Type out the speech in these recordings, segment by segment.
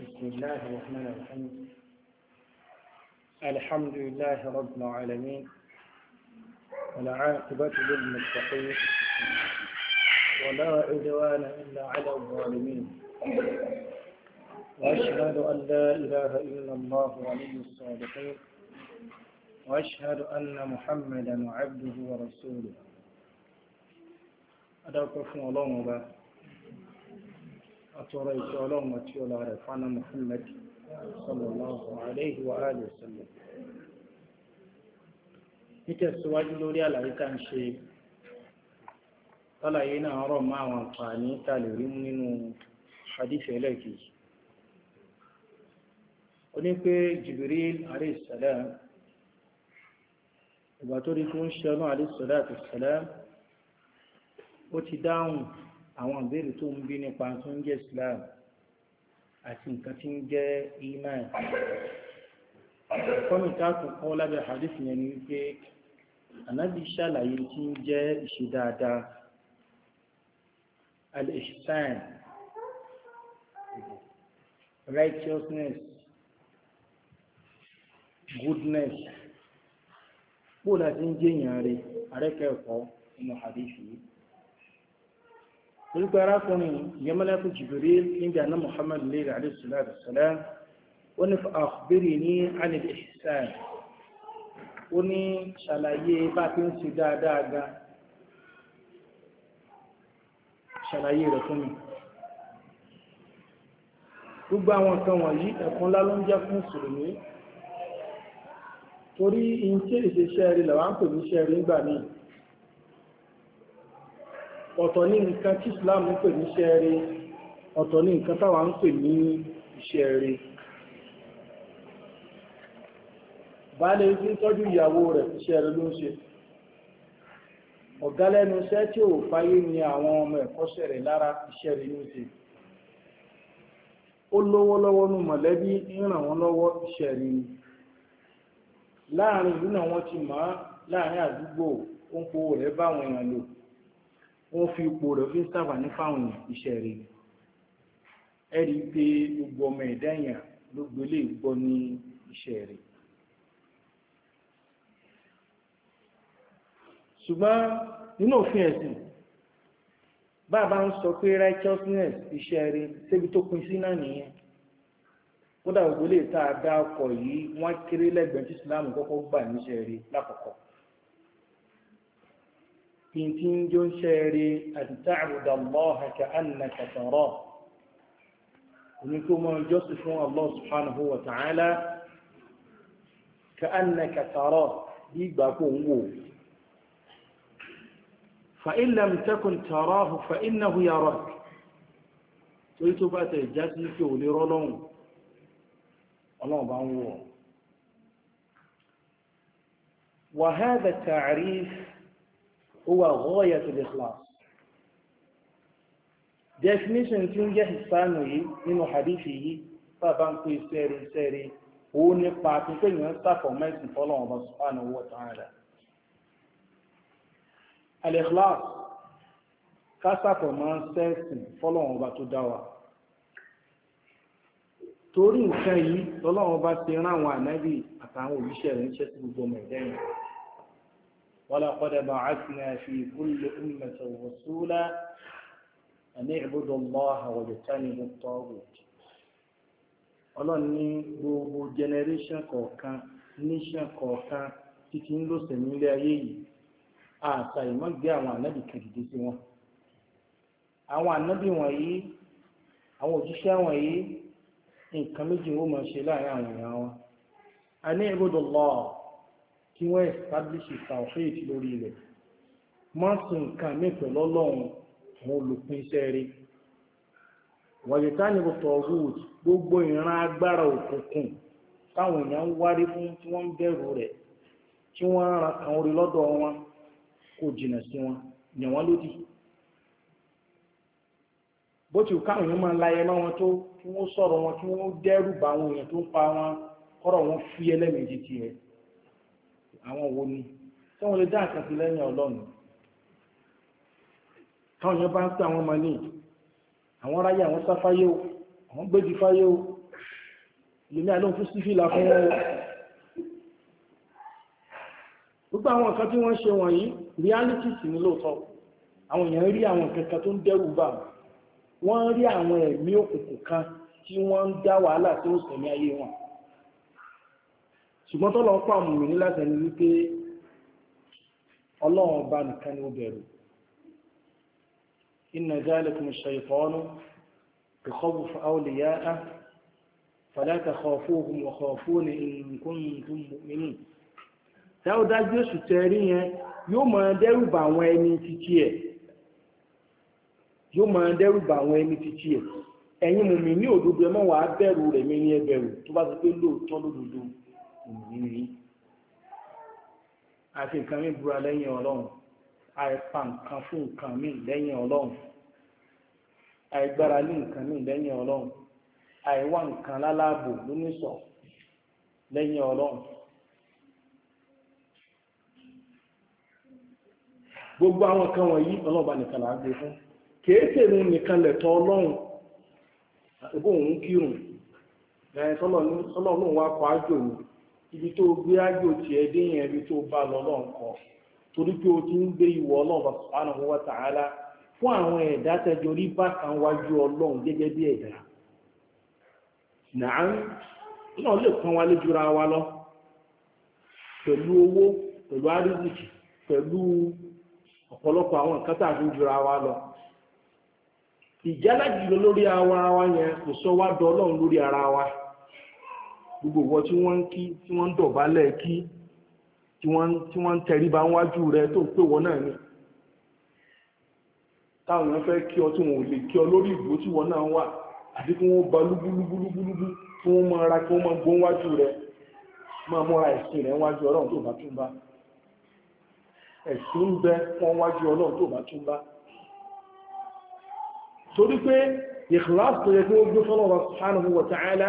بسم الله الرحمن الرحيم الحمد لله رب العالمين والعاقبة للمتقين ولا عدوان إلا على الظالمين وأشهد أن لا إله إلا الله ولي الصالحين وأشهد أن محمدا عبده ورسوله أدعوكم الله àtọrọ ìṣẹ́ ọlọ́run àti ọlá rẹ̀ fánà Muhammad sallallahu alayhi wa alihi wa sallam nítẹ̀síwájú lórí àlàyé tá ń ṣe tálàyé náà rọ̀ mọ́ àwọn àǹfààní tá lè rí nínú hadíṣẹ́ ẹlẹ́kejì ó ní pé Jibril alayhi ìgbà tó rí kí ń ṣe ọlọ́run alayhi ó ti dáhùn àwọn ìbéèrè tó ń bí nípa tó ń jẹ́ Islam àti nǹkan tí ń jẹ́ iman ẹ̀kọ́ mi táàkù kọ́ lábẹ́ hadith yẹn ni wípé ànábì ṣàlàyé tí ń jẹ́ ìṣe dáadáa al-ihsan righteousness goodness bó láti ń jẹ́ èèyàn rẹ̀ àrẹ́kẹ̀ẹ́kọ́ nínú hadith yìí orúkọ arákùnrin yẹmọ́lẹ́kù jìbìrí níjà náà muhammadu lèrè alẹ́sùláàdù sọ́lá ó ní àkùbírì ní alẹ́dẹ̀ ìsáà ó ní ṣàlàyé bá ti ń ṣe dáadáa ga ṣàlàyé rẹ̀ fún mi gbogbo àwọn nǹkan wọ̀nyí ẹ̀kún ńlá ló ń jẹ́ torí ìyìn tí èsì iṣẹ́ rí làwọn pè ní iṣẹ́ gbà míì ọ̀tọ̀ ní nǹkan tí Islam ń pè ní iṣẹ́ rí ọ̀tọ̀ ní nǹkan táwa ń pè ní iṣẹ́ rí baálé tí ń tọ́jú ìyàwó rẹ̀ iṣẹ́ rí ló ń ṣe ọ̀gá lẹ́nu iṣẹ́ tí ò fáyé ni àwọn ọmọ ẹ̀kọ́ṣẹ́ rẹ̀ lára iṣẹ́ rí ló ń ṣe ó lówó lọ́wọ́ wọ́n fi ipò rẹ̀ fi ń sàbà ní fáwọn iṣẹ́ rẹ̀ ẹ̀rí pé gbogbo ọmọ ẹ̀dá èèyàn ló gbélé gbọ́ ní iṣẹ́ rẹ̀ ṣùgbọ́n nínú òfin ẹ̀sìn bàbá ń sọ pé righteousness iṣẹ́ rẹ̀ ṣebí tó pin sí náà nìyẹn kódà gbogbo lè tá a ọkọ̀ yìí wọ́n kéré lẹ́gbẹ̀ẹ́ tí Islam kọ́kọ́ gbà níṣẹ́ rẹ̀ lákọ̀ọ́kọ́ تنجون شيري أن تعبد الله كأنك تراه ونكون جوسف الله سبحانه وتعالى كأنك تراه دي بابو فإن لم تكن تراه فإنه يراك تويتو بات الجاسنك وليرولون الله بانوو وهذا التعريف huwa ghayatul ikhlas definition tí ń jẹ́ ìsánù yìí nínú hadithi yìí sábà ń pè sẹ́rí sẹ́rí ó nípa pípẹ́ ìyẹn sáfọ̀ mẹ́sìn fọ́lọ́wọ́n bá subhanahu wa ta'ala al ń sẹ́sìn fọ́lọ́wọ́n tó dá torí nǹkan yìí lọ́lọ́wọ́n bá ti rán àwọn ànábì àtàwọn òbíṣẹ́ rẹ̀ ń ṣẹ́ sí gbogbo ọmọ ولقد بعثنا في كل أمة رسولا أن اعبدوا الله واجتنبوا الطاغوت ọlọ́run ní gbogbo generation kọ̀ọ̀kan nation kọ̀ọ̀kan títí ń lòsẹ̀ nílé ayé yìí àṣà ìmọ̀gbé àwọn ànábì kìrìdì sí wọn àwọn ànábì wọ̀nyí àwọn òjíṣẹ́ wọ̀nyí nǹkan méjì wọ́n máa ṣe láàrin àwọn èèyàn wọn a ní ibùdó lọ́ọ̀ kí wọ́n establish tawhid lórí ilẹ̀ má sì nǹkan mẹ́fẹ̀ lọ́lọ́run àwọn olùpín iṣẹ́ rí wàyíká ní tawhid gbogbo ìran agbára òkùnkùn táwọn èèyàn ń wárí fún tí wọ́n ń bẹ̀rù rẹ̀ tí wọ́n ń ra kan orí lọ́dọ̀ wọn kò jìnà sí wọn ni wọ́n lòdì bó ti káwọn èèyàn máa ń láyé máa wọn tó kí wọ́n sọ̀rọ̀ wọn kí wọ́n dẹ́rù bá àwọn èèyàn tó ń pa wọn kọ́rọ̀ wọn fúyẹ́ lẹ́mìí ti tiẹ̀ àwọn wo ni tí wọ́n lè dá àkàtì lẹ́yìn ọlọ́run táwọn èèyàn bá ń pè àwọn ọmọ ní àwọn ráyè àwọn sáfáyé o àwọn gbèjì fáyé o lèmi àlóhùn fún sífìlà fún wọn o gbogbo àwọn nǹkan tí wọ́n ṣe wọ̀nyí reality sì ní lóòótọ́ àwọn èèyàn rí àwọn nǹkan kan tó ń dẹ́rù bà wọ́n rí àwọn ẹ̀mí òkùnkùn kan tí wọ́n ń dá wàhálà tó ń sẹ̀mí ayé wọn ṣùgbọ́n tọ́lọ̀ ń pàmù mí láti ẹni wípé ọlọ́run ọba nìkan ni ó bẹ̀rù inna dhalikum ash-shaytanu yakhawwafu awliya'ahu fala takhafuhum wa khafuni in kuntum mu'minin dáúdájú oṣù tẹ́rí yẹn yóò máa dẹ́rùbà àwọn ẹni títí ẹ̀ yóò máa dẹ́rùbà àwọn ẹni títí ẹ̀ ẹ̀yin mùmí ní òdodo ẹ má wàá bẹ̀rù rẹ̀ mí ní ẹ bẹ̀rù tó bá ti pé lóòótọ́ lódodo ìrìnrí àti nǹkan mí búra lẹ́yìn ọlọ́run àìpa nǹkan fún nǹkan mí lẹ́yìn ọlọ́run àìgbára lé nǹkan mí lẹ́yìn ọlọ́run àìwá nǹkan gbogbo àwọn kan wọ̀nyí ọlọ́ba nìkan là ń gbé fún kìí tèmi nìkan lẹ̀tọ́ ọlọ́run àti bóun kírun ẹ̀ wá ibi tó gbé ágbé òtí ẹdín yẹn tó bá lọ lọ́nkọ́ torí pé o ti ń gbé ìwọ ọlọ́ọ̀bà subhanahu wa ta'ala fún àwọn ẹ̀dá tẹjọ rí bákan wájú ọlọ́run gẹ́gẹ́ bí ẹ̀dá náà náà lè lọ pẹ̀lú owó pẹ̀lú pẹ̀lú ọ̀pọ̀lọpọ̀ àwọn nǹkan tá a fi ń jura wa lọ jùlọ lórí ara wa yẹn kò sọ dọ ọlọ́run lórí ara gbogbo ìwọ tí wọ́n ń kí tí wọ́n ń dọ̀bálẹ̀ kí tí wọ́n ń tẹríba wájú rẹ tó pé wọ́n náà ni táwọn èèyàn fẹ́ kí ọ tí wọn ò lè kí ọ lórí ìbò tí wọ́n náà wà àti kí wọ́n ba lúbúlúbúlúbúlú kí wọ́n máa ra kí wọ́n máa gbọ́n wájú rẹ máa mọ́ra ẹ̀sìn rẹ wájú ọlọ́run tó bá tún bá ẹ̀sìn ń bẹ wọ́n wájú ọlọ́run tó bá tún bá torí pé ìkìláàsì tó yẹ kí wọ́n gbé fọ́lọ́run subhanahu wa ta'ala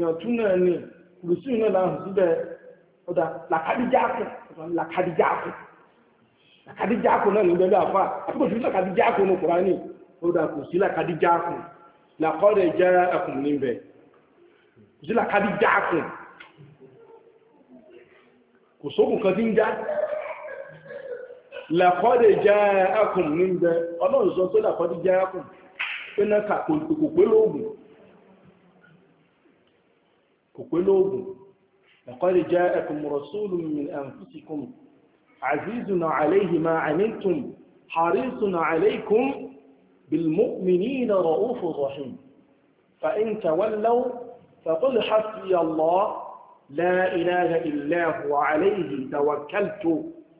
èèyàn tún náà ní lùsùn náà láhùn síbẹ̀ ọ̀dà làkàdíjáàkù làkàdíjáàkù làkàdíjáàkù náà níbẹ̀ lọ àfà àti kò sí làkàdíjáàkù ní kùránì kò sí làkàdíjáàkù làkọ́dẹ̀ jẹ́ ẹkùn níbẹ̀ kò sí kò sókùn kan tí ń já làkọ́dẹ̀ jẹ́ ẹkùn níbẹ̀ ọlọ́run sọ jẹ́ ẹkùn pé náà kò pé kò pé lóògùn laqad ja'akum rasulun min anfusikum azizun alayhi ma anittum harisun alaykum بالمؤمنين رؤوف رحيم فإن تولوا فقل حسبي الله لا إله إلا هو عليه توكلت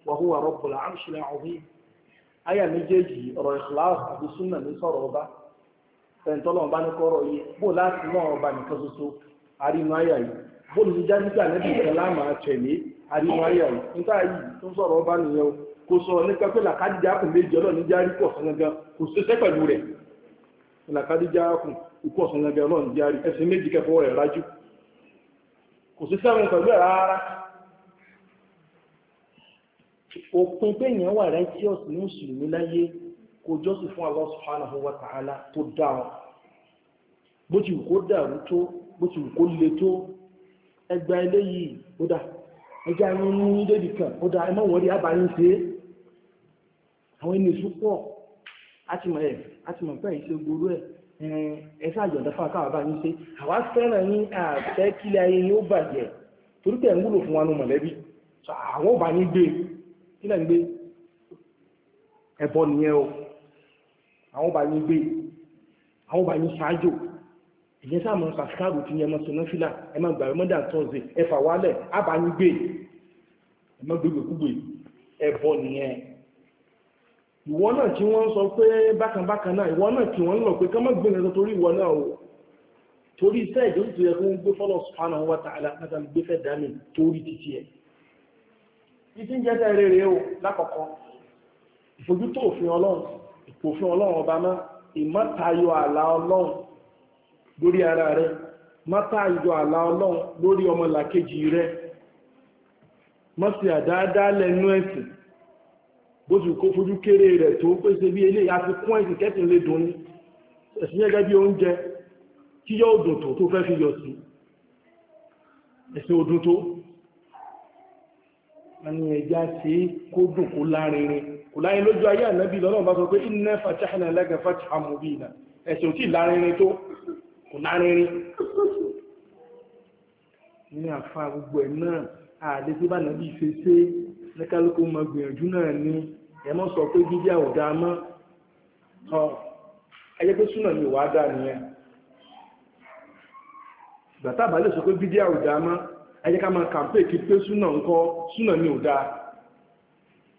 وهو رب العرش العظيم aya méjèèjì ọ̀rọ̀ ìkìláàsì àti súnà ní sọ̀rọ̀ ọba ẹ̀ntọ́lọ̀ ọba ní kọ́rọ̀ yìí bó láti mọ́ ọba nìkan ṣoṣo ari yìí bóòlù ti jáde pé àlẹ́ nìkan láàmà tẹ̀lé àrímáyà yìí níta yìí tó ń sọ̀rọ̀ ọba nìyẹn o kò sọ nípa pé làkàdíjà kùn méjì ọlọ́ọ̀ni járí pọ̀ sán gangan kò ṣiṣẹ́ pẹ̀lú rẹ̀ làkàdíjà kùn ikú ọ̀sán gangan ọlọ́ọ̀ni járí ẹsẹ̀ méjì kẹfọ́ rẹ̀ rájú kò pẹ̀lú ẹ̀ rárá òpin wà fún wa ta'ala tó dáa bó ti wù kó bó ti wù kó le tó ẹgbà eléyìí ó dà ẹjẹ́ àwọn ní dédì kan ó dà ẹmọ́ wọ́n rí àbáyé ń ṣe é àwọn ẹni ìṣú pọ̀ átìmọ̀ ẹ̀ átìmọ̀ pẹ́ ìṣe gbogbo ẹ̀ ẹ̀ṣẹ́ àjọ̀dá fún akáwà bá ń ṣe àwa fẹ́ràn ní àfẹ́ kílẹ̀ ayé ni ó bàjẹ́ torí pé ń wúlò fún wa nù mọ̀lẹ́bí àwọn ò bá ní gbé kílẹ̀ ń gbé ẹ̀bọ nìyẹn o àwọn ò bá ní gbé àwọn ò bá ní ṣáájò ìyẹn sáà máa sàkáàbù tí yẹn máa sọ náfìlà ẹ máa gbàgbé mọ́dà tọ́sí ẹ fà wálẹ̀ ábàáyín gbé ẹ máa gbégbé kúgbé ẹ bọ nìyẹn ìwọ náà tí wọ́n ń sọ pé bákan bákan náà ìwọ náà tí wọ́n ń lọ pé ká má gbé nǹkan torí ìwọ náà o torí iṣẹ́ ìjọsìn tó yẹ kó ń gbé fọ́lọ̀ subhanahu wa ta'ala láti gbé fẹ́ dání torí títí ẹ̀ títí ń jẹ́sẹ̀ rere o lákọ̀ọ́kọ́ ìfojútó òfin ọlọ́run ìpòfin ọlọ́run ọba náà ìmọ̀tayọ àlà ọlọ́run lórí ara rẹ mọ́tà ìjọ àlà ọlọ́run lórí ọmọlàkejì rẹ mọ́sí àdáadáa lẹ́nu ẹ̀sìn bó ti kó fojú kéré rẹ̀ tó pèsè bí eléyà fi kún ẹ̀sìn kẹ́sìn lè dùn ní ẹ̀sìn gẹ́gẹ́ bí oúnjẹ kí yọ tó fẹ́ fi yọ sí ẹ̀sìn ẹja ṣe kó dùn kó kò lójú ayé ànábì lọ́nà bá sọ pé ẹ̀sìn tó kò lárinrin ní àfa gbogbo ẹ̀ náà àdé tí bá nàbí ṣe ṣe ní kálukú mọ gbìyànjú náà ni ẹ mọ sọ pé jíjẹ àwòdà mọ ọ ayé pé súnà mi wàá dà nìyẹn gbàtà bá lè sọ pé bídíà ò dáa mọ́ ẹjẹ́ ká máa kàmpé kí pé súnà ńkọ́ súnà ní ò dáa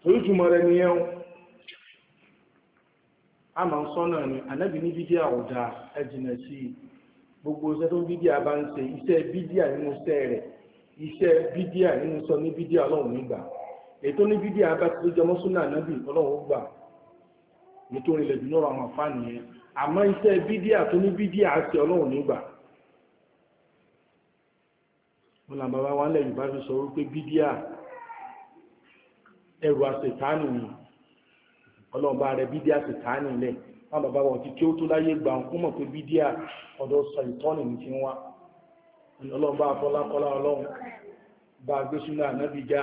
torítùmọ̀ rẹ̀ ni ẹun a máa ń sọ náà ni ànábì ní bídíà ò dáa ẹ jìnà sí i gbogbo iṣẹ́ tó bídíà bá ń ṣe iṣẹ́ bídíà nínú iṣẹ́ rẹ̀ iṣẹ́ bídíà nínú sọ ní bídíà ọlọ́run nígbà ètò ní bídíà bá ti lójọ mọ́súnà nábì ọlọ́run gbà nítorí ilẹ̀ àwọn yẹn àmọ́ iṣẹ́ bídíà tó ní bídíà ṣe ọlọ́run nígbà wọn bàbá wa lẹ́yìn bá sọ wípé bídíà ẹrù àṣetánì ni ọlọ́run bá rẹ bídíà ṣetánì wọn bàbá wọn ti kí ó tó láyé gbà ń kúmọ̀ pé bídíà ọ̀dọ̀ sọ ìtọ́nì ní ti ń wá ọlọ́run bá fọlákọlá ọlọ́run bá gbé súnà ànábìjá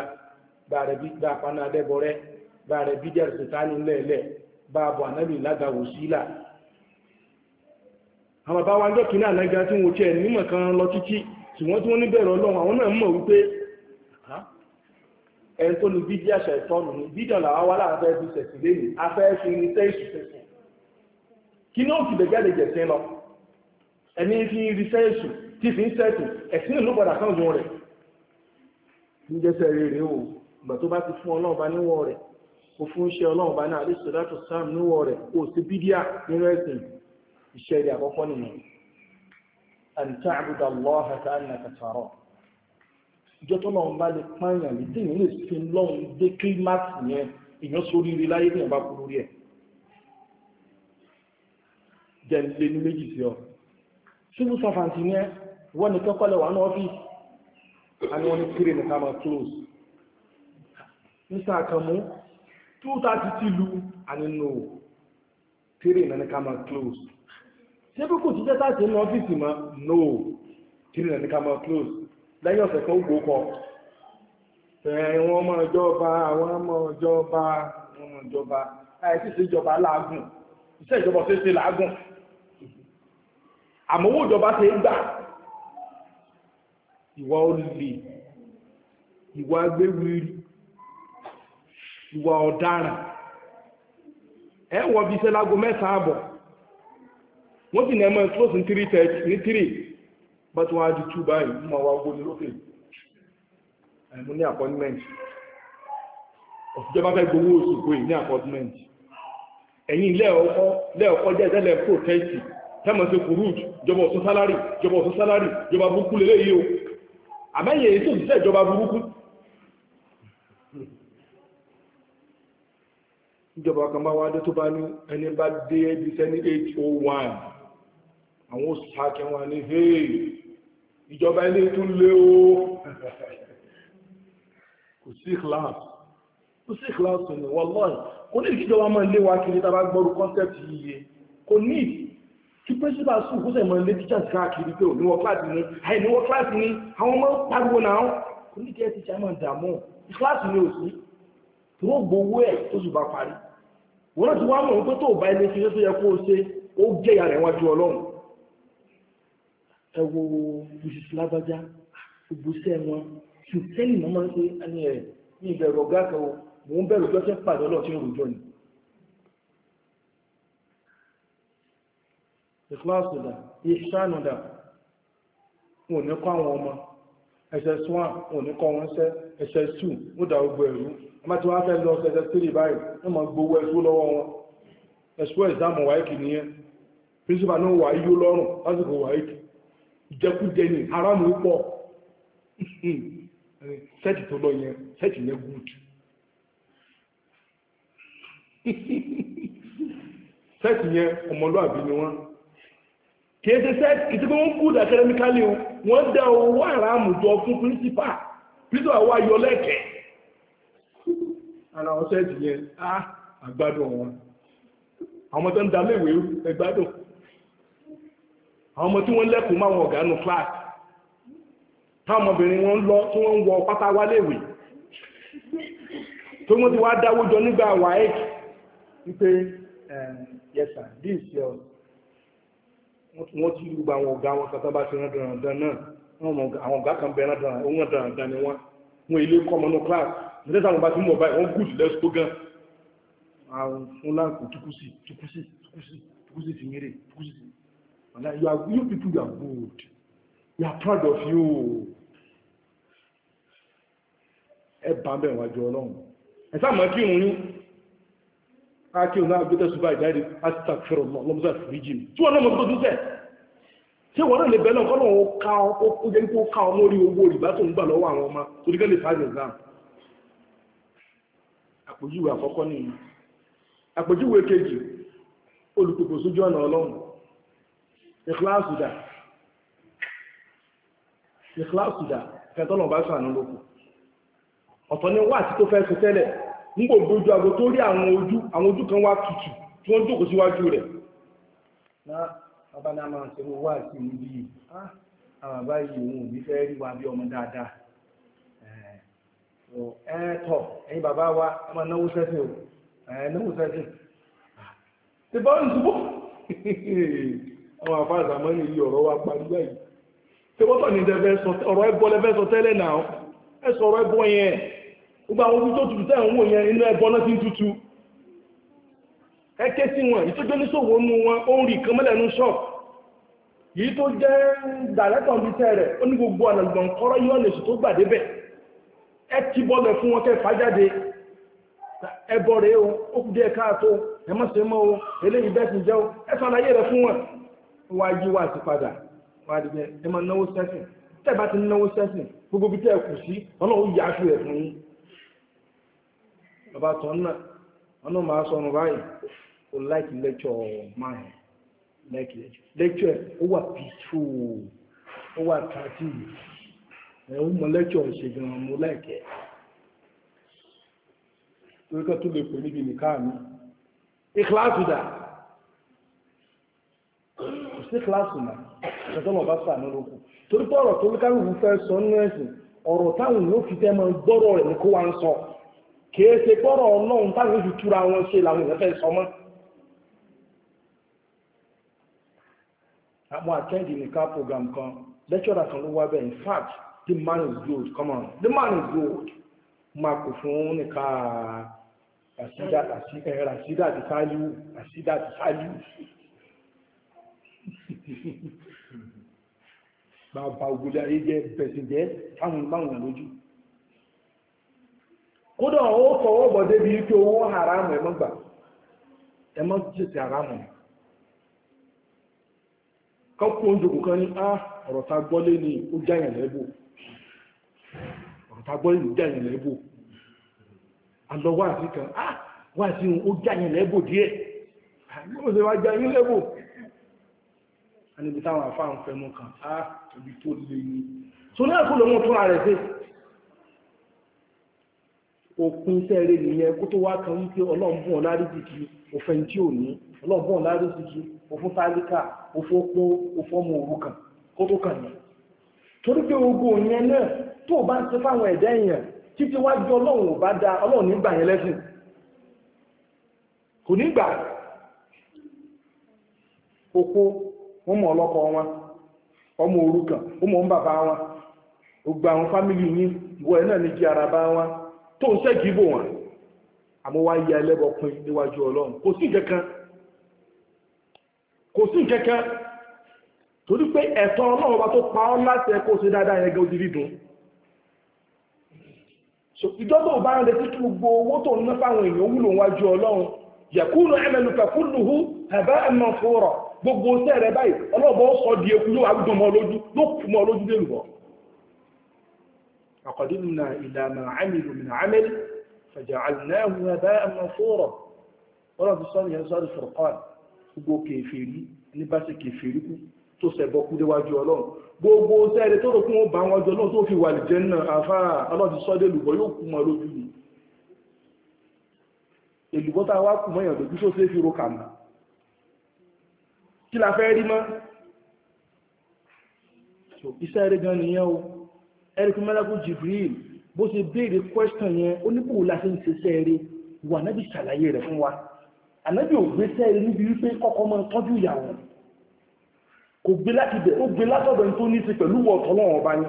bá rẹ̀ bí gbá paná adẹ́bọrẹ́ bá rẹ̀ bídíà sẹ̀tánì lẹ́ẹ̀lẹ́ bá bọ̀ ànábì lágàwò sílà àwọn bá wájọ́ kí náà nága tí wọ́n tí ẹ̀ nímọ̀ kan lọ títí tí wọ́n tí wọ́n ní bẹ̀rẹ̀ ọlọ́run àwọn náà mọ̀ wípé ẹni tó ní bídíà sẹ̀tọ́nù ní bídíà kí ní òkè gbẹ̀gẹ́dẹ̀ jẹ̀sìn lọ ẹni fi ń risẹ́ èṣù tí fi ń sẹ́ẹ̀tù ẹ̀sìn ló padà kàn zun rẹ̀ níjẹsẹ̀ rere o ìgbà tó bá ti fún ọlọ́run bá níwọ̀ rẹ̀ ó fún iṣẹ́ ọlọ́run bá náà àdéṣe látò sáàm níwọ̀ rẹ̀ ó sì bídíà nínú ẹ̀sìn iṣẹ́ rẹ̀ àkọ́kọ́ nìyẹn an ta'budu Allah ka'annaka tarahu ìjọ tó lọ́run bá lè pààyàn lè tí ìyẹn lè fi lọ́run dé kírímàsì yẹn ìyẹn sórí rí láyé ní ìyẹn bá kú lórí ẹ̀ jẹ́ lé ní méjì sí ọ ṣubú sọfàǹtì ní ẹ wọ́n ní kọ́kọ́ lọ wà ní ọ́fíìsì àni wọ́n ní kiri ní káàmà close mr akamu two thirty ti lu àni no kiri ní káàmà close ṣé bí kò jíjẹ́ táàtì ní ọ́fíìsì mọ́ no kiri ní káàmà close lẹ́yìn ọ̀sẹ̀ kan ó gbó kọ ẹ̀wọ̀n ọmọ ìjọba àwọn ọmọ ìjọba ọmọ ìjọba àìsí ìjọba láàgùn iṣẹ́ ìjọba ṣe ṣe láàgùn àmọ́wó ìjọba ṣe gbà ìwà olè ìwà agbéwìrì ìwà ọ̀daràn ẹ wọ bí iṣẹ́ lágo mẹ́ta àbọ̀ wọ́n ti nẹ̀mọ́ close ní 3 ní 3 but wọ́n á di 2 báyìí mọ́ wa gbóni lókè ẹ̀mú ní appointment ọ̀sìjọba fẹ́ gbowó oṣù pé ní appointment ẹ̀yìn lẹ́ọ̀kọ́ jẹ́ ìtẹ́lẹ̀ protest tẹ́mọ̀ sí kùrúùjù jọba ọ̀sán sálárì jọba ọ̀sán sálárì jọba burúkú lè léyìí o àmẹ́yẹ èyí tó ti tẹ́ ìjọba burúkú ìjọba kan bá wádé tó bá ní ẹni bá dé ẹbí sẹ́ni 801 àwọn òṣìṣàkẹ́ wọn ní hey ìjọba ilé tún lé o kò sí class kò sí class ni wọ́n lọ́ọ̀ kò ní ìjọba máa lé wa kiri tá a gbọ́rù concept yìí kò ní kí pẹ́sìpà sùn kó sẹ̀mọ̀ ilé tíṣà káàkiri pé òníwọ̀ kíláàsì ni àìníwọ̀ kíláàsì ni àwọn ọmọ pariwo náà kò ní kẹ́ẹ̀ tíṣà máa dààmú kíláàsì ni ò sí tó ó gbowó ẹ̀ tó sì bá parí wọn náà ti wá mọ̀ pé tó bá ilé ṣe tó yẹ kó o ṣe ó jẹ́ ìyá rẹ̀ wájú ọlọ́run ẹ wo bùsùsù lágbájá ìbùsẹ̀ wọn ṣùgbọ́n ẹni mọ́ máa ń ṣe ẹni ẹ̀ ní ìbẹ̀rù ọ̀gá kan mò ń bẹ̀rù jọ́sẹ̀ pàdé ọlọ́ọ̀ ìkíláàsì dà ìṣánù dà wọn ò ní kọ́ àwọn ọmọ ss1 wọn ò ní kọ́ wọn sẹ́ ss2 ó dà gbogbo ẹ̀rú ọmọ tí wọ́n fẹ́ lọ ss3 báyìí wọ́n máa gbowó ẹ̀sùn lọ́wọ́ wọn ẹ̀sùn ẹ̀sàmù wáìkì nìyẹn pírísìpà náà wà yíó lọ́rùn lásìkò wáìkì ìjẹkújẹ ní haramu pọ̀ sẹ́ẹ̀tì tó lọ yẹn sẹ́ẹ̀tì yẹn gúùdù sẹ́ẹ̀tì yẹn ọmọlúàbí ni wọ́n kèése sẹ́ẹ̀tì kìtí pé wọ́n kú academically wọ́n dá owó àràmù jọ fún principal pító àwọn ayọ̀ lẹ́kẹ̀ ara wọn sẹ́ẹ̀tì yẹn á àgbádùn wọn àwọn tó ń da ẹgbádùn àwọn ọmọ tí wọ́n lẹ́kùn ọ̀gá nù class táwọn ọmọbìnrin wọn lọ tí wọ́n ń wọ pátá tó wọ́n ti wá wọ́n ti rú àwọn ọ̀gá wọn kan bá ti rán dandan náà àwọn ọ̀gá kan bẹ̀rẹ̀ dandan òun dandan ni wọ́n wọn ilé kọ́ ọmọ class nígbà táwọn bá ti mọ̀ báyìí wọ́n gùn lẹ́sùn tó gan àrùn fún tukusi tukusi tukusi tukusi ti mérè tukusi ti mérè you are you people you are good proud of you ẹ bá bẹ̀ wájú ọlọ́run ẹ sáà mọ̀ kí irun yín ákí òun náà gbé tẹ́sùbá ìjáde astagfirọ̀ lọ́mọ́sá fìríjì mi tí wọ́n náà mọ̀ tó dúdẹ̀ tí wọ́n náà lè bẹ̀rẹ̀ ọkọ́ náà wọ́n ká ọkọ́ kó jẹ́ kó ká ọmọ orí owó rìbá tó ń gbà lọ́wọ́ àwọn ọmọ torí kẹ́lẹ̀ fáàgì exam àpèjúwe àkọ́kọ́ nìyí àpèjúwe kejì olùpèpè sójú ọ̀nà ọlọ́run ìkíláàsì dà ìkíláàsì dà fẹ́tọ́nà bá sànú lóko ọ̀tọ̀ ni wáàtí tó fẹ́ ṣe tẹ́lẹ̀ ń kò gbójú ago tó rí àwọn ojú àwọn ojú kan wá tutù tí wọ́n jókòó síwájú rẹ̀. bàbá náà máa ń sẹ́wọ́ wá sí i bí àwọn àbá yìí òun ò fẹ́ rí wa bí ọmọ dáadáa ẹ tọ̀ ẹ̀yin bàbá wa ẹ máa náwó sẹ́sìn o ẹ náwó sẹ́sìn ti bá ń túbọ̀ àwọn àbá àzàmọ́ ní iye ọ̀rọ̀ wa parí báyìí tí wọ́n tọ̀ ní ọ̀rọ̀ ẹbọ lẹ́fẹ́ sọ tẹ́lẹ̀ náà ẹ sọ ọ̀rọ̀ ẹbọ yẹn gbogbo àwọn omi tó tutù tẹ́ ń wò yẹn inú ẹbọ náà ti ń tutù ẹkẹ́ sí wọn ìtọ́jú oníṣòwò nu wọn ó ń rí nǹkan mẹ́lẹ̀ nú ṣọ́ọ̀bù yìí tó jẹ́ dàrẹ́tọ̀ ní tẹ́ rẹ̀ ó ní gbogbo ọ̀nà gbọ̀nkọ́rọ́ yóò lè sùn tó gbà débẹ̀ ẹ ti bọ́lẹ̀ fún wọn kẹfà jáde ẹbọ rẹ̀ o bí tẹ́ sí ọlọ́run yà á fi rẹ̀ fún bàbá tán náà wọn náà máa sọnù báyìí kò láìkì lẹ́kṣọ̀ máa yẹn láìkì lẹ́kṣọ̀ lẹ́kṣọ̀ ẹ̀ ó wà peaceful ó wà attractive ẹ̀ ó mọ lẹ́kṣọ̀ ṣe gan mo láìkì torí ká tó lè pè níbi nìkan mi ìkíláàsì dà kò sí kíláàsì náà ìṣẹ́jọ́mọ̀ bá sà ní lókù torí pé ọ̀rọ̀ tó ní káwé fẹ́ sọ ẹ̀sìn ọ̀rọ̀ táwọn yóò fi tẹ́ máa rẹ̀ ní kó kìí ṣe gbọ́rọ̀ ọlọ́run táwọn ojú túra wọn ṣe làwọn èèyàn fẹ́ sọmọ́ àwọn attend in car program kan lecturer kan ló wá bẹ́ẹ̀ in fact the man is good come on the man is good máa kò fún nìka àṣídà eh, àti sáyú àṣídà àti sáyú bàbá ògbòdì ayé jẹ́ bẹ̀sìn jẹ́ fáwọn ìbáwọn lójú kódà ó fọwọ́ bọ̀ ike owó haramu ẹ̀ mọ́gbà ẹ̀ mọ́ jìtì haramu kọ́pọ̀ oúnjẹ kan ní á ah, gbọ́lé ni ó jáyàn lẹ́bù ọ̀rọ̀ gbọ́lé ó jáyàn lẹ́bù alọ́ sí kan ah, á sí ó jáyàn lẹ́bù díẹ̀ ṣe wá lẹ́bù a níbi táwọn àfáà ń òpin iṣẹ́ rẹ̀ nìyẹn kó tó wá kan wípé ọlọ́ọ̀bùn ọ̀lárídìkì òfin tí ò ní ọlọ́ọ̀bùn ọ̀lárídìkì òfin tálíkà òfin opó òfin torí pé ogun òyìn náà tó o bá ń fáwọn ẹ̀dá èèyàn títí wájú ọlọ́run ò bá da ọlọ́run yẹn lẹ́sìn kò opó ọlọ́kọ wọn ọmọ bàbá wọn gbogbo tó ń ṣẹ́gi bò wọ́n àmọ́ wá yẹ ẹlẹ́bọ pin níwájú ọlọ́run kò sí nǹkankan kò sí nǹkankan torí pé ẹ̀tọ́ ọlọ́run bá tó pa ọ́ láti ẹ̀kọ́ sí dáadáa yẹn gẹ́gẹ́ dídùn so ìjọba ò bá ń retí kí gbogbo owó tó ń ná fáwọn èèyàn wúlò wájú ọlọ́run yẹ̀kúrò ẹ̀mẹ̀lú pẹ̀kúrùhù ẹ̀bá ẹ̀mọ̀ fòrọ̀ gbogbo sẹ́ẹ̀rẹ̀ báyìí ọlọ́bọ̀ sọ di ekú ló wà gbọmọ lójú فقدمنا إلى ما عملوا من عمل فجعلناه هباء منصورا ورد الصالح يزال الفرقان gbogbo kèfèrí ní bá ṣe kèfèrí kú tó ṣẹbọ kú déwájú ọlọ́run gbogbo sẹ́ẹ̀rẹ́ tó rọ̀kún ọba àwọn ọjọ́ náà tó fi wà lìjẹ́ náà àfáà ọlọ́dún sọ́dẹ̀ lùbọ́ yóò kú mọ́ lójú ni èlùbọ́ tá a wá kú mọ́yàn lójú tó fi ro kàmù kí la fẹ́ rí mọ́ iṣẹ́ rẹ̀ gan nìyẹn o ẹ̀rìkì mẹ́lákù Jibril bó ṣe béèrè question yẹn ó ní bòó láti ń ṣe sẹ́ẹ̀rí wà náà bí ṣàlàyé rẹ̀ fún wa ànábì ò gbé sẹ́ẹ̀rí níbi wípé kọ́kọ́ máa tọ́jú ìyàwó kò gbé láti bẹ̀ ó gbé látọ̀dọ̀ tó ní ti pẹ̀lú ọ̀tọ̀ lọ́wọ́ ọba ni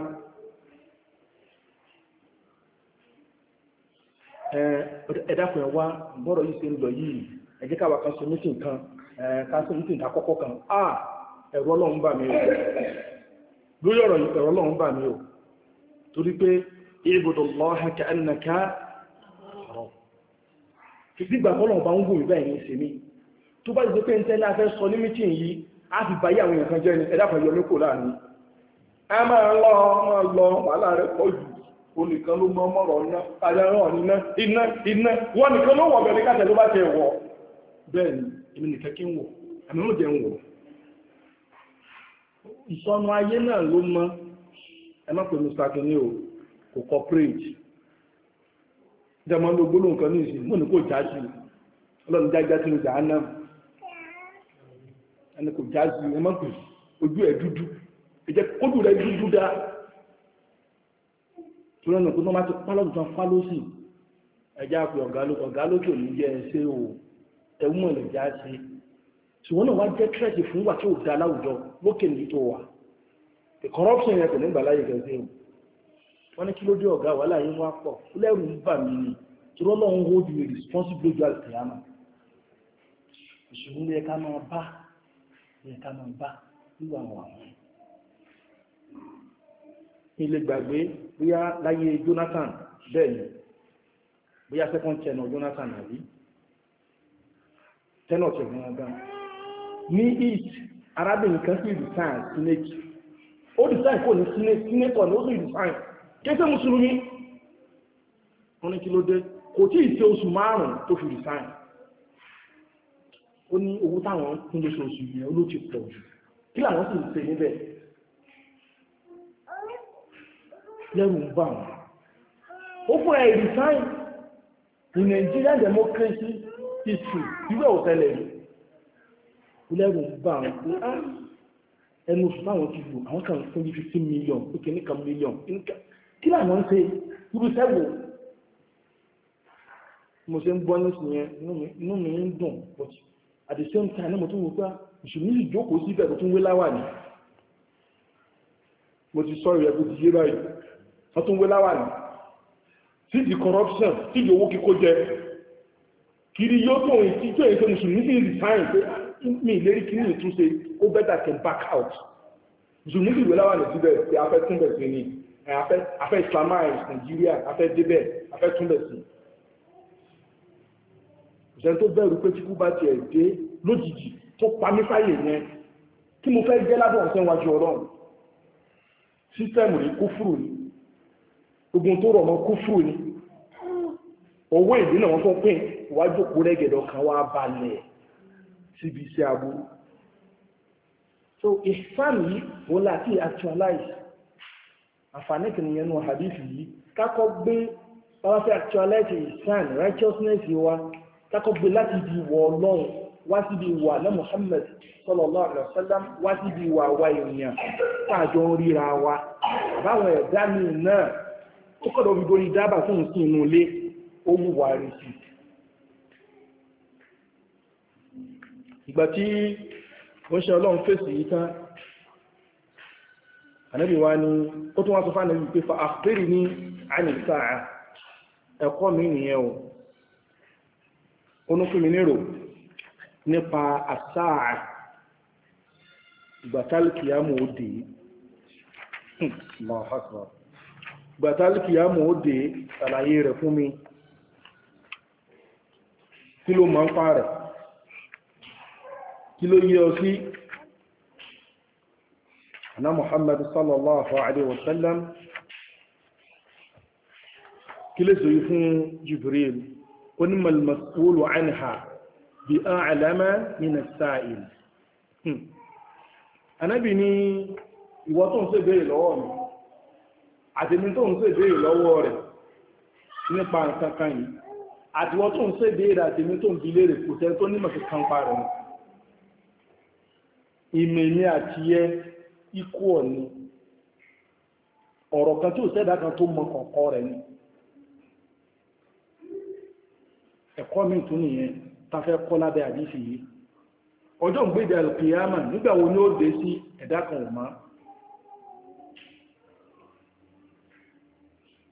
ẹ̀dàkùn ẹ̀wá bọ́rọ̀ yìí ṣe ń lọ yìí ẹ̀jẹ́ káwà kan sọ mítìn kan káṣọ mítìn àkọ́kọ́ kan ah ẹ̀rọ ọlọ́run bà mí o lórí ọ̀rọ̀ ẹ̀rọ ọlọ́run bà mí o torí pé ìbòdò lọ́hàkà ẹnìyàká ọ̀rọ̀ fìdígbà kọ́lọ̀ bá ń gùn ìgbà ẹ̀yìn sí mi tó bá ìgbé pé ń tẹ́lá fẹ́ sọ ní mítìn yìí á fi báyé àwọn èèyàn kan jẹ́ ni ẹ̀dá kan yọ lókò láàrin a máa lọ máa lọ wàhálà rẹ̀ pọ̀ jù ayé náà ló mọ́ ẹ má pè mr akínní o kò corporate jẹ́mọ́ ló gbólóhùn kan ní ìsìn mọ́ni kò jáàsì ọlọ́run jájá tí ó jàá náà ẹni kò jáàsì ẹ má pè ojú ẹ̀ dúdú ìjẹ́ kójú rẹ̀ dúdú dá tó lọ́nà kó tó má ti pálọ́dún tán fálósì ẹjá pé ọ̀gá lókè òní jẹ́ ẹsẹ́ o ẹ̀wọ̀n lè jáàsì ṣùgbọ́n náà wá jẹ́ tírẹ̀tì fún wà tí láwùjọ lókè ní tó wà the corruption yẹn kò ní gbà láyé gẹ̀ẹ́sì yìí wọ́n ní kí ló dé ọ̀gá wà láyé wá pọ̀ lẹ́rù ń bà mí ni tí wọ́n lọ́wọ́ hold you responsible lójú àlùkìyàmà ìṣòro yẹ ká máa bá yẹ ká máa bá wíwà wà wọn. ilé gbàgbé bóyá láyé Jonathan bẹ́ẹ̀ ni bóyá second tenor Jonathan àbí tenor tẹ̀ gan-an ní east arábìnrin kan sì resign senate ó design kò ní sílé sínétọ̀ ní ó sì design kéṣe mùsùlùmí wọ́n ní kí ló dé kò tí ì ṣe oṣù márùn-ún tó fi design ó ní owó táwọn ń lóṣooṣù yẹn ló ti pọ̀ jù kí làwọn sì ń ṣe níbẹ̀ lẹ́rù ń bà wọ́n ó fún ẹ̀ resign in Nigerian democracy history ìwé òtẹ́lẹ̀ lẹ́rù ń bà wọ́n ah, ẹnu oṣù táwọn ti lò àwọn kan fún bí fifteen million ó kì ní kan million kí làwọn ń ṣe irú sẹ́wò mo ṣe ń gbọ́ ní sùn yẹn inú mi ń dùn but at the same time mo tún wò pé ìṣùmí sì jókòó síbẹ̀ mo tún wé láwà ní mo ti sọ ìrẹ́bù ti yé báyìí wọ́n tún wé láwà ní sí di corruption sí di owó kíkó jẹ kiri yóò tó òyìn tí tó èyí ṣe mùsùlùmí sí resign pé mi ìlérí kí ní ìtúnṣe ó bẹ́tà kẹ back out zunubi ìwé láwà nìsíbẹ̀ pé afẹ́ túnbẹ̀ sí ni afẹ́ islamize Nigeria afẹ́ débẹ̀ afẹ́ túnbẹ̀ sí ìṣẹ́ tó bẹ̀rù pé tí kú bá tiẹ̀ dé lójijì tó pa mí fáyè yẹn kí mo fẹ́ jẹ́ lábọ̀ ọ̀sẹ̀ wájú ọlọ́run sísẹ́mù ní kúfùrù ni ogun tó rọ̀ mọ́ kúfùrù ni owó ìdí náà wọ́n tó pín ìwájú òkú rẹ́gẹ̀dọ̀ kan wá balẹ̀ síbi iṣẹ́ aburú so ihsan yìí wọ́n láti actualize àǹfààní kìnìyàn nù hadith yìí kákọ́ gbé bàbá fẹ́ actualize ihsan righteousness wa kákọ́ gbé láti ibi ìwọ̀ ọlọ́run wá síbi ìwà náà Muhammad sallallahu alaihi wasallam wá síbi ìwà wa ènìyàn káàjọ ń ríra wa àbáwọn ẹ̀dá mi náà ó kọ́dọ̀ fi gorí dábàá fún ìsìn inú ilé ó wù wá rèé ìgbà tí ó ṣe ọlọ́run fèsì yìí tán ànábì wa ni ó tún wá sọ fánàbì pé fa àpérì ní ànìsáà ẹ̀kọ́ mi nìyẹn o onúfin mi nírò nípa àsáà gbàtálìkìyàmù òdè gbàtálìkìyàmù òdè àlàyé rẹ̀ fún mi kí ló máa ń pa rẹ̀ kí ló yí ọ sí ana muhammadu sallallahu alaihi wasallam kí lè sọ yí fún jibril onímọ̀lì mas'ulu anha bí an alama nínú sa'il anábì hmm. ni ìwọ tó ń ṣe béèrè lọ́wọ́ mi àti mi tó ń ṣe béèrè lọ́wọ́ rẹ̀ nípa nǹkan kan yìí àti ìwọ tó ń ṣe béèrè àti mi tó ń bi léèrè kò tẹ́ tó nímọ̀ kankan pa rẹ̀ mọ́ ìmẹ̀mí àti yẹ ikú ọ̀ni ọ̀rọ̀ kan tí ò sẹ́dá kan tó mọ kọ̀ọ̀kọ́ rẹ̀ ni ẹ̀kọ́ mi tún nìyẹn tafẹ́ kọ́ lábẹ́ àdífì yìí ọjọ́ ń gbéjà alkiyama nígbàwo ni ó dé sí ẹ̀dá kan ò máa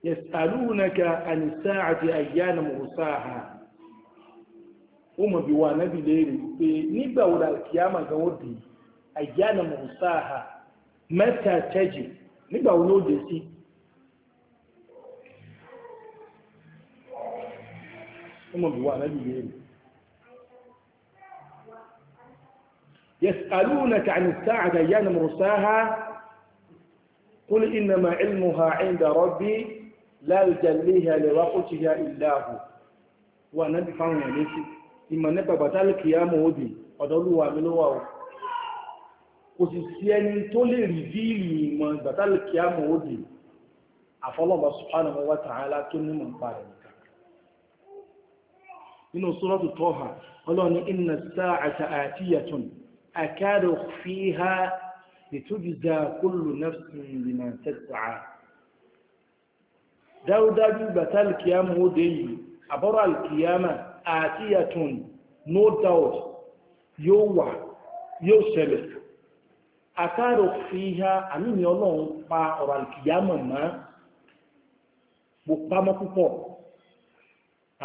yẹ̀sàlúùnaka ànìsáàtì àyíyàna mọ̀sáàhà ó mọ̀ bí wà nábì léèrè pé nígbàwo alkiyama gan ó dé àyànà mọ̀sáàhà mẹ́ta tẹ́jì nígbà wọn ó dé sí ọmọbìnwà lẹ́yìn lẹ́yìn يسألونك عن الساعة أيان مرساها قل إنما علمها عند ربي لا يجليها لوقتها إلا هو وأنا بفهم وليسي إما نبقى بطال قيامه دي أدلوا من الله kò sì sí ẹni tó lè rí bí ìmọ̀ ìgbàtàlẹ̀ kí á mọ̀ ó dì àfọlọ́bà subhanahu wa ta'ala tó nímọ̀ ń parẹ̀ nìkan nínú suratu Taha ọlọ́ni inna as-sa'ata atiyatun akadu fiha litujza kullu nafsin bima tas'a dáúdájú ìgbàtàlẹ̀ kí á mọ̀ ó dé yìí àbọ̀rọ̀ alkiyama atiyatun no doubt yóò wà yóò ṣẹlẹ̀ àkàrò fi ha àmì ọlọ́run pa ọ̀rọ̀ àlùkìyàmọ̀ mọ́ bó pamọ́ púpọ̀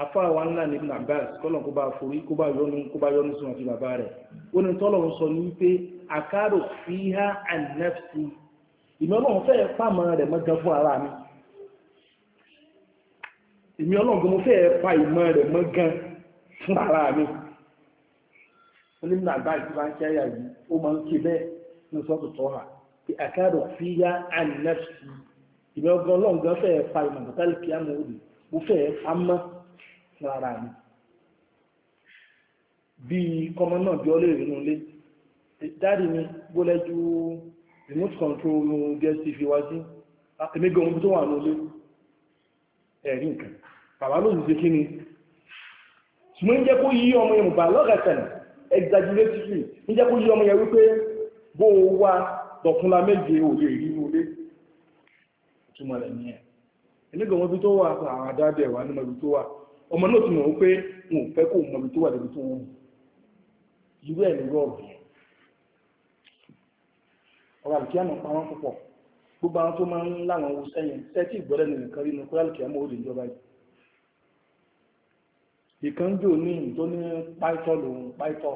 afa wa ńlá ní ibn abbas kọ́lọ̀n kó bá forí kó bá yọnu kó bá yọnu sí wọn fi bàbá rẹ̀ ó ní tọ́lọ̀run sọ ní wípé àkàrò fi ha ànẹ́fì ìmọ̀ ọlọ́run fẹ́ pàmọ́ rẹ̀ mọ́gán fún ara mi ìmọ̀ ọlọ́run mo fẹ́ pa ìmọ̀ rẹ̀ mọ́gán fún ara mi ó ní ibn bá ń ṣe àyà yìí ó máa ń ké bẹ́ẹ̀ ní sọ́tù tọ́ra pé àkádò fi yá ànẹ́fì ìbẹ̀ ọgbọ́n lọ́ngàn fẹ́ẹ̀ pa ìmọ̀ bàtàlì kí á mọ̀ òdì mo fẹ́ẹ̀ fa mọ́ lára mi bí kọmọ náà bí ọlẹ́ ìrìnú lé dáàdì mi gbólẹ́jú remote control guest tv wá sí ah, èmi gan ohun tó wà lólé ẹ̀rí nǹkan bàbá ló ti ṣe ṣùgbọ́n ń jẹ́ kó yí ọmọ yẹn mùbá lọ́gàtàn exaggeratively ń jẹ́ kó yí ọmọ yẹn wípé bó o wá dọ̀kúnlá méje ò lè rí inú ilé ìtumọ̀ rẹ̀ ní ẹ̀ ẹlẹ́gbẹ̀ wọn bí tó wà àwọn àdáàbẹ̀ wà nínú ibi tó wà ọmọ náà ti mọ̀ wípé wọn ò fẹ́ kó mọ ibi tó wà débi tó wù irú ẹ̀ ní rọ̀rùn yẹn ọ̀rọ̀ àlùkíyàmọ̀ pa wọn púpọ̀ gbogbo àwọn tó máa ń láwọn wo sẹ́yìn sẹ́tì ìgbọ́lẹ̀ ní nǹkan rí inú kó àlùkíyàmọ̀ ó lè jọba yìí ìkan jò ní ìtọ́ ní páìtọ́ lòun páìtọ́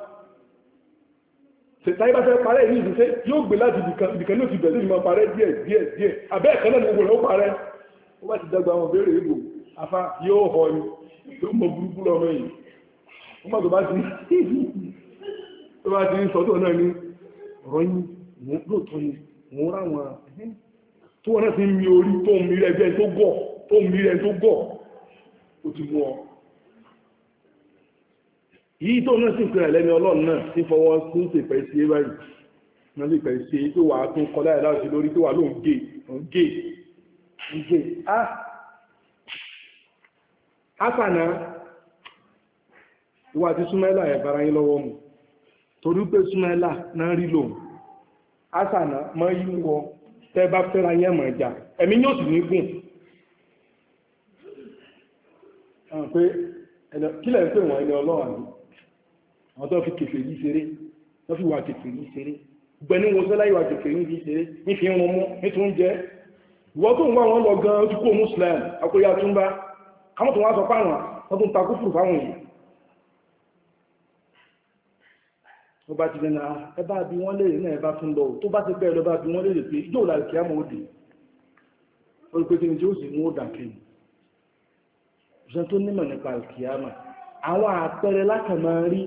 se yìí bá fẹ́ parẹ́ yìí ṣiṣẹ́ yóò gbé láti ibìkan ibìkan ní òtún bẹ̀rẹ̀ ní máa parẹ́ díẹ̀ díẹ̀ díẹ̀ abẹ́ ẹ̀kan náà ni gbogbo rẹ̀ ó parẹ́ ó bá ti dàgbà àwọn béèrè ìbò afá yóò họ ni tó mọ burúkú lọ́mọ yìí ó má tó bá ti tó bá ti sọ́tọ̀ náà ni ọ̀rọ̀ yín lóòótọ́ ni mo rà wọn tó wọn náà ti ń mi orí tó ń mi rẹ̀ bí ẹni tó gọ̀ tó mi rẹ̀ tó gọ̀ ó ti mú ọ yìí tó náà sì ń pèrè lẹ́ni ọlọ́run náà tí fọwọ́ tún sì fẹ́ sí ẹ̀rọ náà sì fẹ́ sí pé wàá tún kọlá ẹ̀rọ sí lórí pé wàá lóun gé òun gé òun gé á ápànà ìwà àti súnmẹ́là ẹ̀ bára yín lọ́wọ́ mu torí pé súnmẹ́là náà rí lòun ásànà mọ́ yí wọ tẹ́ bá fẹ́ra yẹn mọ̀ ìjà ẹ̀mí yóò sì ní gùn pé kílẹ̀ ń pè wọ́n ẹni ọlọ́run àwọn tó fi kèfè yìí ṣeré wọ́n fi wà kèfè yìí ṣeré gbẹ̀ni wọn sọ́lá ìwà kèfè yìí ṣeré nífi wọn mú nítorí jẹ́ ìwọ́n tó ń wá wọn lọ gan ojú kó muslim akóyá tún bá káwọn tó wá sọ fáwọn wọ́n tún takú fùrù fáwọn yìí wọ́n bá ti rẹ̀ náà ah, ẹ bá bí wọ́n léèrè náà ẹ bá tún lọ tó bá ti bẹ́ẹ̀ lọ bá bí wọ́n léèrè pé yóò láì kí á mọ̀ òde olùpẹ̀tẹ̀ tí ó sì mú òdà àwọn àpẹẹrẹ láti rí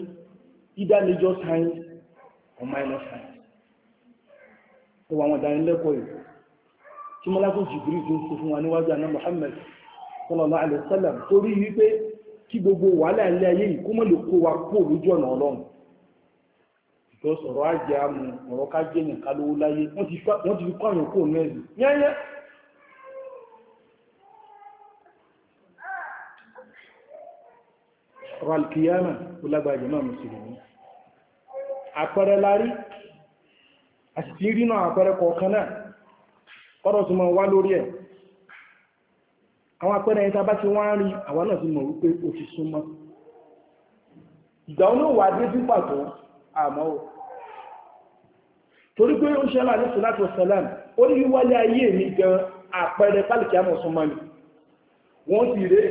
either major signs or minor signs ó wà wọn dánilẹ́kọ̀ọ́ yìí tí mọ́lá tó jìbìrì tó ń sọ fún wa níwájú àná Muhammad sallallahu alaihi wasallam torí wípé kí gbogbo wàhálà ilé ayé yìí kó mọ́ lè kó wa kó lójú ọ̀nà ọlọ́run ìjọ sọ̀rọ̀ ajé amú ọ̀rọ̀ ká jẹ́yìn ká lówó láyé wọ́n ti fi kọ́ àyànkó mẹ́rin yẹ́yẹ́ ọ̀rọ̀ alkiyama ó lágbàá jẹ́ máa mùsùlùmí àpẹẹrẹ lárí àti rí náà àpẹẹrẹ kọ̀ọ̀kan náà ọ̀rọ̀ tó ma wá lórí ẹ̀ àwọn àpẹẹrẹ ẹ̀ta bá ti wá ń rí àwọn náà ti mọ̀ wípé ó ti súnmọ́ ìgbà olóòwà dé sí pàtó àmọ́ ò torí pé ó ń ṣẹlá ní sọ́látù ó ní wálé ayé mi gan àpẹẹrẹ pálíkì àmọ̀ súnmọ́ ni wọ́n ti rèé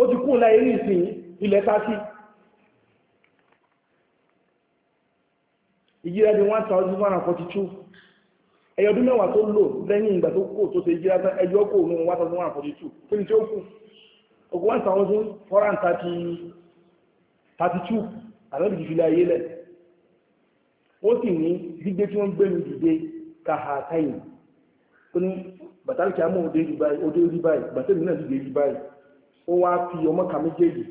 ó ti kún láyé ní ìsinyìí ilẹ̀ tásí ìjírá di 1142 ẹ̀yọ̀ ọdún mẹ́wàá tó lò lẹ́yìn ìgbà tó kò tó ṣe ìjírá tán ẹjọ́ kò ní 1142 kí ni tí ó kù ogun 1432 àlọ́bì ti filẹ̀ ayé lẹ̀ ó sì ní gbígbé tí wọ́n gbé mi dìde kàhàtàyìn ó ní bàtàlì kí a mú òde rí báyìí bàtàlì náà dìde rí báyìí ó wá fi ọmọ kà méjèèjì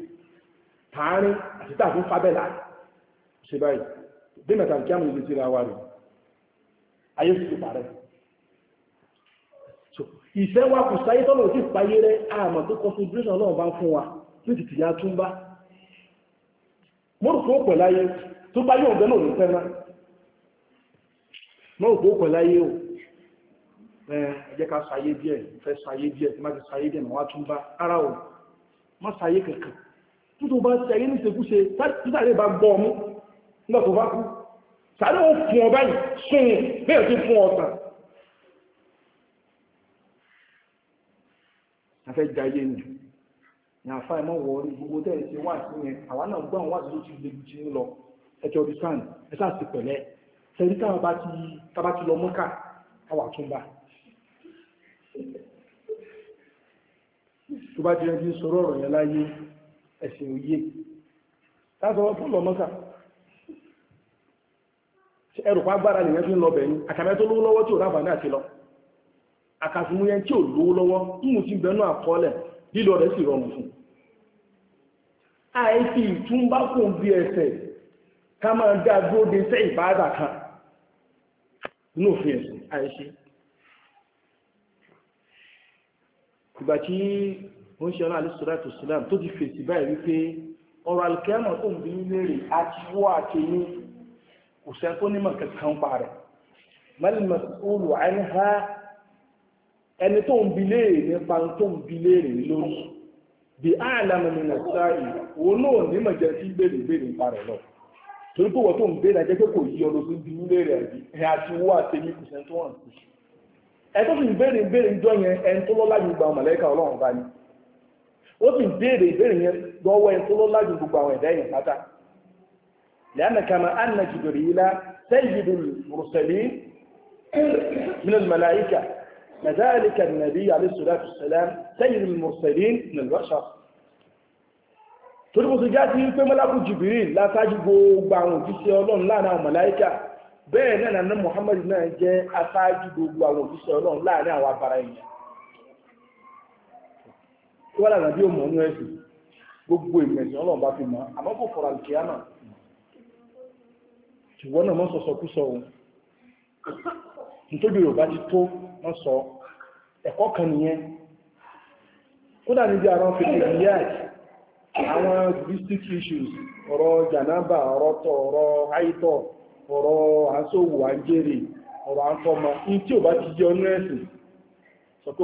tààrin àti tààfún fábẹ́lá ṣe báyìí bí mẹ́ta kí àmì ìlú síra wà rẹ̀ ayé sì parẹ́ ìfẹ́ wa kù sáyé tọ́lọ̀ sí ìpayé rẹ̀ àmà tó concentration náà bá fún wa ní ti tìyà tún bá mọ́rùkú ó pẹ̀láyé tó bá yóò bẹ́lò ní fẹ́ràn mọ́rùkú ó pẹ̀láyé ò ẹjẹ́ ká sáyé díẹ̀ fẹ́ sáyé díẹ̀ má ti sáyé díẹ̀ mà wá tún bá ara ò má sáyé kankan tútù bá ṣe ayé ní ìṣekúṣe títàlẹ́ bá gbọ́ ọmú nígbà tó bá kú sàárẹ́ ó fún ọba yìí sún bẹ́ẹ̀ tó fún ọ̀tàn afẹ́ jayé ni ní àfá ẹmọ́ wọ orí gbogbo tẹ́ẹ̀ tí wà sí yẹn àwa náà gbọ́n wà sí ló ti lè jù ní lọ ẹjọ́ bí sáàn ẹsà sí pẹ̀lẹ́ tẹ́rí tábà ti lọ mọ́kà àwà tún bá tó bá jẹ́ bí sọ̀rọ̀ ọ̀rọ̀ yẹn láyé ẹ̀sìn òye láti ọwọ́ pọ́lọ̀ gbára nìyẹn fi ń lọ bẹ̀yìn àkàmẹ́ tó lówó lọ́wọ́ tí ò ráfà náà ti lọ àkàtúmú tí ò lówó lọ́wọ́ mú ti bẹnu àkọọ́lẹ̀ lílọ rẹ̀ sì rọrùn fún àìsí ìtúmbákùn bí ẹsẹ̀ ká máa dá sẹ́ kan ní òfin àìsí ó ń ṣe ọlá àlùsọ̀rọ̀tò islam tó ti fèsì báyìí wípé ọ̀rọ̀ alùkẹ́mọ̀ tó ń bí ní léèrè àti wọ́ àti ní kò sẹ́ tó nímọ̀ kankan pa rẹ̀ mẹ́lìmọ̀ olù ẹni ha ẹni tó ń bi léèrè nípa tó ń bi léèrè lórí bí àlàmì nínú sáàyè òun náà ó sì ń béèrè ìbéèrè yẹn lọ́wọ́ ẹni tó ló lájú gbogbo àwọn ẹ̀dá yẹn pátá lẹ́yìn kama anna Jibrila sayyidul mursalin min al-malaika كذلك النبي عليه الصلاة والسلام سيد المرسلين من البشر torí mo ti já sí pé mọ́lákù jìbìrì látájú gbogbo àwọn òjíṣẹ́ ọlọ́run láàrin àwọn mọ̀láíkà bẹ́ẹ̀ náà nàánú Muhammad náà jẹ́ aṣáájú gbogbo àwọn òjíṣẹ́ ọlọ́run láàrin àwọn abara èèyàn tó wà lára bí ó mọ̀ ní gbogbo ìmẹ̀sìn ọlọ́run bá fi mọ̀ àmọ́ kò fọ̀rọ̀ àlùkìyà náà ṣùgbọ́n náà mọ́ sọ̀sọ̀ kú sọ òun nítorí sọ ẹ̀kọ́ kan nìyẹn kódà níbi àwọn àwọn domestic issues ọ̀rọ̀ jànábà ọ̀rọ̀ tọ̀ ọ̀rọ̀ àìtọ̀ ọ̀rọ̀ àṣòwò ọ̀rọ̀ ní tí ti jẹ́ sọ pé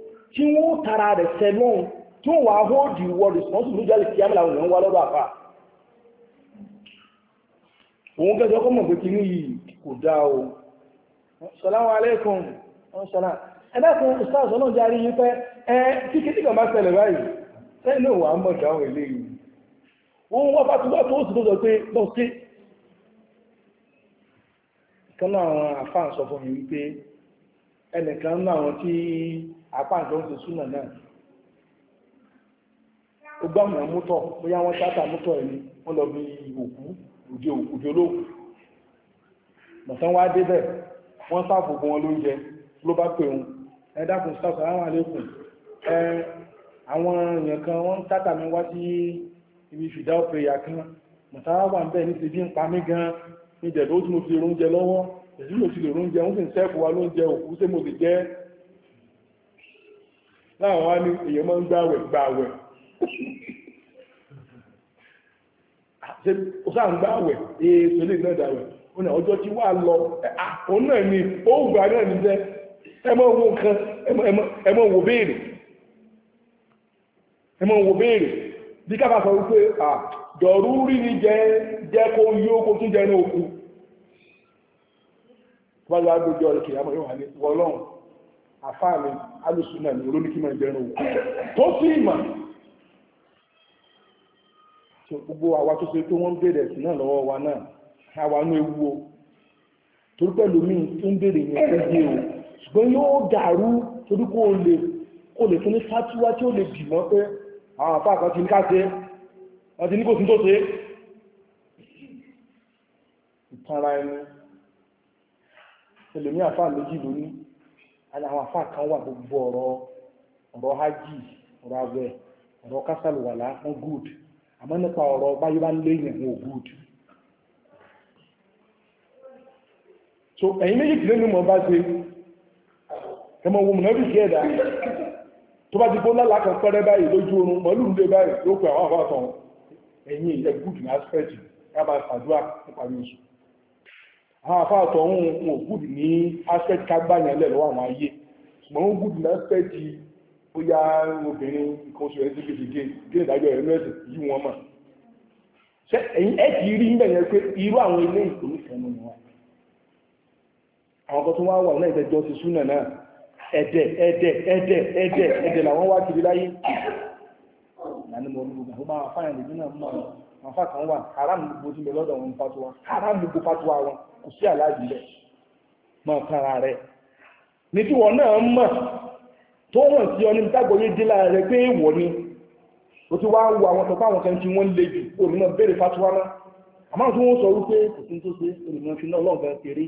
tí wọ́n tara rẹ̀ sẹ́lọ́n tí wọ́n wà hóòdì wọ responsible lójú àlè kíámẹ́ làwọn èèyàn wá lọ́dọ̀ àfà òun gẹ́gẹ́ ọkọ̀ mọ̀ pé kí ní yìí kò dá o salamu alaikum ọ̀sọ̀lá ẹ̀dẹ́kun ìsáàsọ̀ náà járí yí pé ẹ kíkí tí kàn bá ṣẹlẹ̀ báyìí sẹ́yìn náà wà á mọ̀ dáhùn eléyìí wọ́n wọ́n bá tún bá tó sì tó sọ pé lọ sí ìkan náà àwọn àfáà sọ fún mi wípé ẹnìkan náà tí àpáǹtó ń ṣe súnà náà ó gbá àwọn mútọ̀ bóyá wọ́n ṣáàtà mútọ̀ ẹni wọ́n lọ bí òkú òjò olóòkú mọ̀tán wá débẹ̀ wọ́n sáàfù gun wọn lóúnjẹ ló bá pè wọn ẹ dákun sáàfù àwọn àlékún ẹ àwọn èèyàn kan wọ́n ṣáàtà mi wá sí ibi fìdá òpèyà kan mọ̀tán wá ń bẹ̀ ní ti bí ń pa mí gan ní ìjẹ̀dọ̀ ó tún mo fi oúnjẹ lọ́wọ́ èyí ló ti lè oúnjẹ wọ́n sì ń sẹ́ẹ̀fù wa lóúnjẹ òkú sí mo lè jẹ́ láwọn wá ní èèyàn máa ń gbàwẹ̀ ń èèso lè náà ó náà ọjọ́ tí wà lọ òun náà ni ó gbà náà ní jẹ́ ẹ mọ́ owó nǹkan ẹ mọ́ wò béèrè ẹ béèrè bí ká bá sọ wípé dọ̀rú rí ni jẹ́ kó yó tún jẹ́ ní òkú wọ́n lọ agbójọ́ alùsùnà ní olóníkímọ̀ ìbẹ̀rún tó sí ìmọ̀ tí gbogbo àwa tó ṣe pé wọ́n ń bèèrè sí náà lọ́wọ́ wa náà àwa ní ewu o torí pẹ̀lú mi tó ń bèèrè yẹn tó yé o ṣùgbọ́n yóò dàrú torí kó lè kó lè fún ní fátíwá tí ó lè dì mọ́ pé àwọn àfáà kan ti ní káṣe wọ́n ti ní kò sí tó ṣe ìtara ẹni ẹlòmí àfáà méjì lónìí àwọn àfáà kan wà gbogbo ọ̀rọ̀ ọ̀rọ̀ hajj ọ̀rọ̀ awẹ ọ̀rọ̀ kásálùwàlá wọn good àmọ́ nípa ọ̀rọ̀ báyé bá ń léyìn wọn ò good. so ẹ̀yin méjì tí lẹ́nu mọ̀ bá ṣe ẹmọ wo mùnàbí kí ẹ̀dá tó bá ti bó lálàá kan pẹ́rẹ́ báyìí lójú oorun mọ́lù ń lé báyìí ló pe àwọn àbátan ẹ̀yin ẹ̀ good ní aspect ká bá ṣàdúrà nípa mi sùn àwọn àfáàtọ̀ ń wọ́n gùdù ní aspect kágbáyàn lẹ̀ lọ́wọ́ àwọn ayé ṣùgbọ́n wọ́n gùdù ní aspect bóyá obìnrin nǹkan oṣù rẹ̀ sí gé gé ìdájọ́ ẹ̀rọ ẹ̀sìn yí wọn mọ̀ ṣe ẹ̀yìn ẹ̀ ti rí níbẹ̀ yẹn pé irú àwọn ilé ìkòrí kanu ni wọn àwọn kan tó wá wà náà ti súnà náà làwọn wá kiri láyé ní àfa kan wà haram ní gbogbo tí ń bẹ lọ́dọ̀ wọn fatuwa haram ní gbogbo fatuwa wọn kò sí aláàjì rẹ̀ mọ̀ kára rẹ̀ ní tí wọn náà mọ̀ tó wọ̀n sí ọ ní dágbọ́ yé dé lára rẹ̀ pé èèwọ̀ ni ó ti wá ń wo àwọn tọ́pá àwọn kan tí wọ́n lè jù òní náà béèrè fatuwa náà àmọ́ tí wọ́n sọ wípé kò sí tó ṣe olùmọ̀ fi náà ọlọ́run kan ṣeré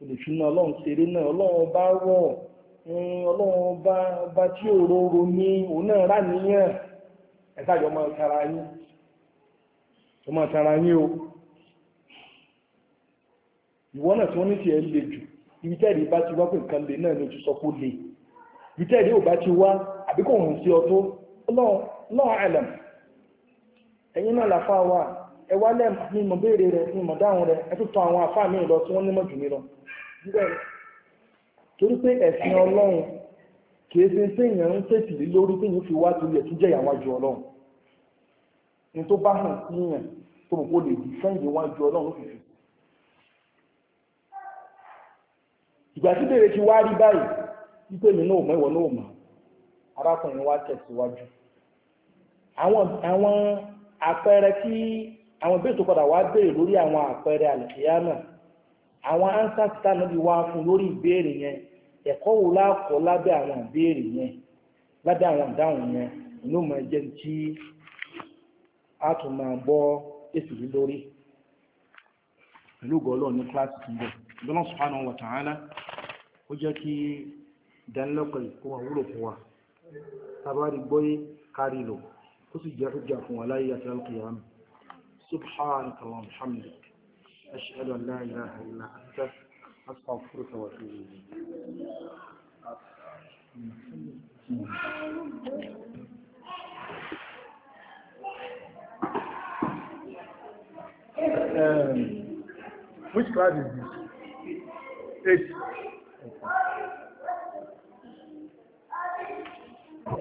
olùfin náà ọlọ́run ṣeré náà ọlọ́run bá rọ̀ ọlọ́run bá tí òróró ní òun náà rà níyàn ẹ̀sájọ́ máa kára yín tó máa tara yín o ìwọ náà tí wọ́n ní tiẹ̀ le jù ibi tẹ́ẹ̀dì bá ti wá pé nǹkan le náà ló ti sọ pé ó le ibi tẹ́ẹ̀dì ò bá ti wá àbí kò hàn sí ọtó lọ́wọ́ àlàm ẹ̀yin náà làfáà wà ẹ wá lẹ́m ní mọ̀ béèrè rẹ̀ ní mọ̀ dáhùn rẹ̀ ẹ tó tọ àwọn àfáà mi lọ tí wọ́n nímọ̀ jù mí lọ torí pé ẹ̀sìn ọlọ́run kìí ṣe ń tẹ̀yàn ń tẹ̀sì lórí tẹ̀yìn fi wá torí ẹ̀ tún jẹ́ ìyàwó àjò ọlọ́run ní tó bá hàn sí tó rò kó lè di sẹ́yìn wájú ọlọ́run fìfì. ìgbà tí bèrè ti wá rí báyìí wípé mi náà mọ̀ ìwọ náà mọ̀ arákùnrin wa tẹ̀síwájú àwọn àwọn àpẹẹrẹ tí àwọn ìbéèrè tó padà wá béèrè lórí àwọn àpẹẹrẹ àlùkìyà náà àwọn ansa ti táná bí wá fún lórí ìbéèrè yẹn ẹ̀kọ́ wo lábẹ́ yẹn lábẹ́ àwọn ìdáhùn yẹn a tún máa bọ́ èsì yìí lórí pẹ̀lú gọ́ọ̀lọ́ ní kíláàsì tó ń bọ̀ ìjọba subhanahu wa ta'ala ó jẹ́ kí ìdánilẹ́kọ̀ọ́ ìkó wa wúlò fún wa tabari gbọ́yé kárí lò ó sì jẹ́ hujja fún wa láyé àti alkiyama É, é, muito claro isso. Esse.